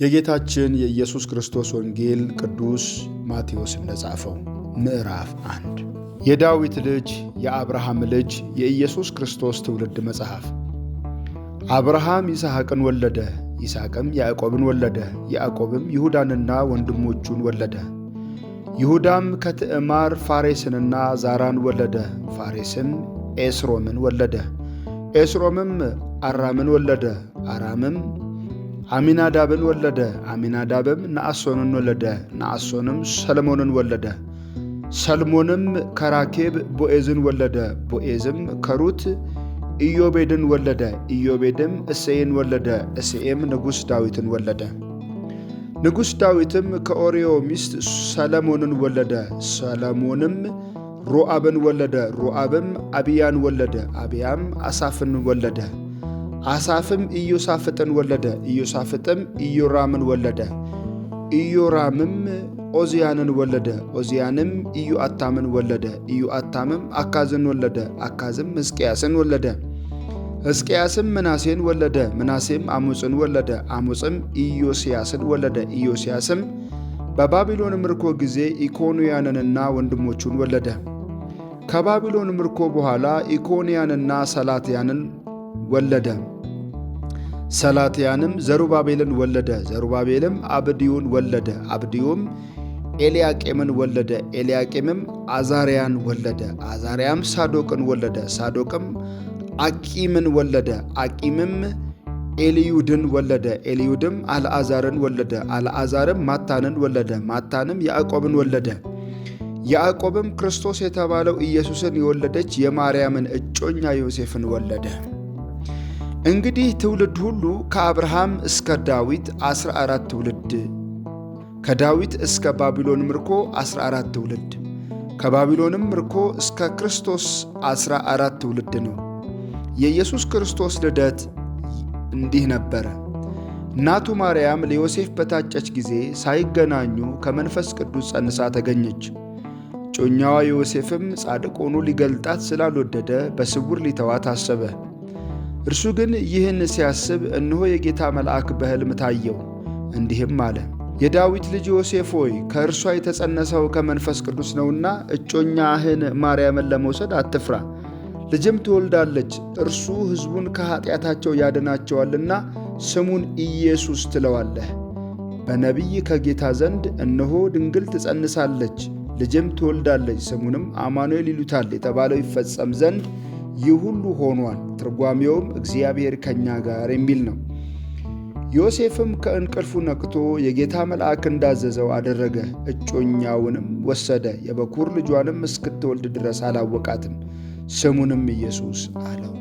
የጌታችን የኢየሱስ ክርስቶስ ወንጌል ቅዱስ ማቴዎስ እንደጻፈው ምዕራፍ አንድ የዳዊት ልጅ የአብርሃም ልጅ የኢየሱስ ክርስቶስ ትውልድ መጽሐፍ። አብርሃም ይስሐቅን ወለደ፣ ይስሐቅም ያዕቆብን ወለደ፣ ያዕቆብም ይሁዳንና ወንድሞቹን ወለደ። ይሁዳም ከትዕማር ፋሬስንና ዛራን ወለደ፣ ፋሬስም ኤስሮምን ወለደ፣ ኤስሮምም አራምን ወለደ፣ አራምም አሚናዳብን ወለደ። አሚናዳብም ነአሶንን ወለደ። ነአሶንም ሰልሞንን ወለደ። ሰልሞንም ከራኬብ ቦኤዝን ወለደ። ቦኤዝም ከሩት ኢዮቤድን ወለደ። ኢዮቤድም እሴይን ወለደ። እሴይም ንጉሥ ዳዊትን ወለደ። ንጉሥ ዳዊትም ከኦርዮ ሚስት ሰለሞንን ወለደ። ሰለሞንም ሮአብን ወለደ። ሮአብም አብያን ወለደ። አብያም አሳፍን ወለደ። አሳፍም ኢዮሳፍጥን ወለደ። ኢዮሳፍጥም ኢዮራምን ወለደ። ኢዮራምም ኦዚያንን ወለደ። ኦዚያንም ኢዮአታምን ወለደ። ኢዮአታምም አካዝን ወለደ። አካዝም ሕዝቅያስን ወለደ። ሕዝቅያስም ምናሴን ወለደ። ምናሴም አሙፅን ወለደ። አሙፅም ኢዮስያስን ወለደ። ኢዮስያስም በባቢሎን ምርኮ ጊዜ ኢኮንያንንና ወንድሞቹን ወለደ። ከባቢሎን ምርኮ በኋላ ኢኮንያንና ሰላትያንን ወለደ። ሰላትያንም ዘሩባቤልን ወለደ። ዘሩባቤልም አብድዩን ወለደ። አብድዩም ኤልያቄምን ወለደ። ኤልያቄምም አዛርያን ወለደ። አዛርያም ሳዶቅን ወለደ። ሳዶቅም አቂምን ወለደ። አቂምም ኤልዩድን ወለደ። ኤልዩድም አልአዛርን ወለደ። አልአዛርም ማታንን ወለደ። ማታንም ያዕቆብን ወለደ። ያዕቆብም ክርስቶስ የተባለው ኢየሱስን የወለደች የማርያምን እጮኛ ዮሴፍን ወለደ። እንግዲህ ትውልድ ሁሉ ከአብርሃም እስከ ዳዊት 14 ትውልድ፣ ከዳዊት እስከ ባቢሎን ምርኮ 14 ትውልድ፣ ከባቢሎንም ምርኮ እስከ ክርስቶስ 14 ትውልድ ነው። የኢየሱስ ክርስቶስ ልደት እንዲህ ነበረ። እናቱ ማርያም ለዮሴፍ በታጨች ጊዜ ሳይገናኙ ከመንፈስ ቅዱስ ጸንሳ ተገኘች። ጮኛዋ ዮሴፍም ጻድቅ ሆኖ ሊገልጣት ስላልወደደ በስውር ሊተዋት አሰበ። እርሱ ግን ይህን ሲያስብ እነሆ የጌታ መልአክ በሕልም ታየው፣ እንዲህም አለ የዳዊት ልጅ ዮሴፍ ሆይ ከእርሷ የተጸነሰው ከመንፈስ ቅዱስ ነውና እጮኛህን ማርያምን ለመውሰድ አትፍራ። ልጅም ትወልዳለች፣ እርሱ ሕዝቡን ከኀጢአታቸው ያድናቸዋልና ስሙን ኢየሱስ ትለዋለህ። በነቢይ ከጌታ ዘንድ እነሆ ድንግል ትጸንሳለች፣ ልጅም ትወልዳለች፣ ስሙንም አማኑኤል ይሉታል የተባለው ይፈጸም ዘንድ ይህ ሁሉ ሆኗል። ትርጓሜውም እግዚአብሔር ከእኛ ጋር የሚል ነው። ዮሴፍም ከእንቅልፉ ነቅቶ የጌታ መልአክ እንዳዘዘው አደረገ። እጮኛውንም ወሰደ። የበኩር ልጇንም እስክትወልድ ድረስ አላወቃትም። ስሙንም ኢየሱስ አለው።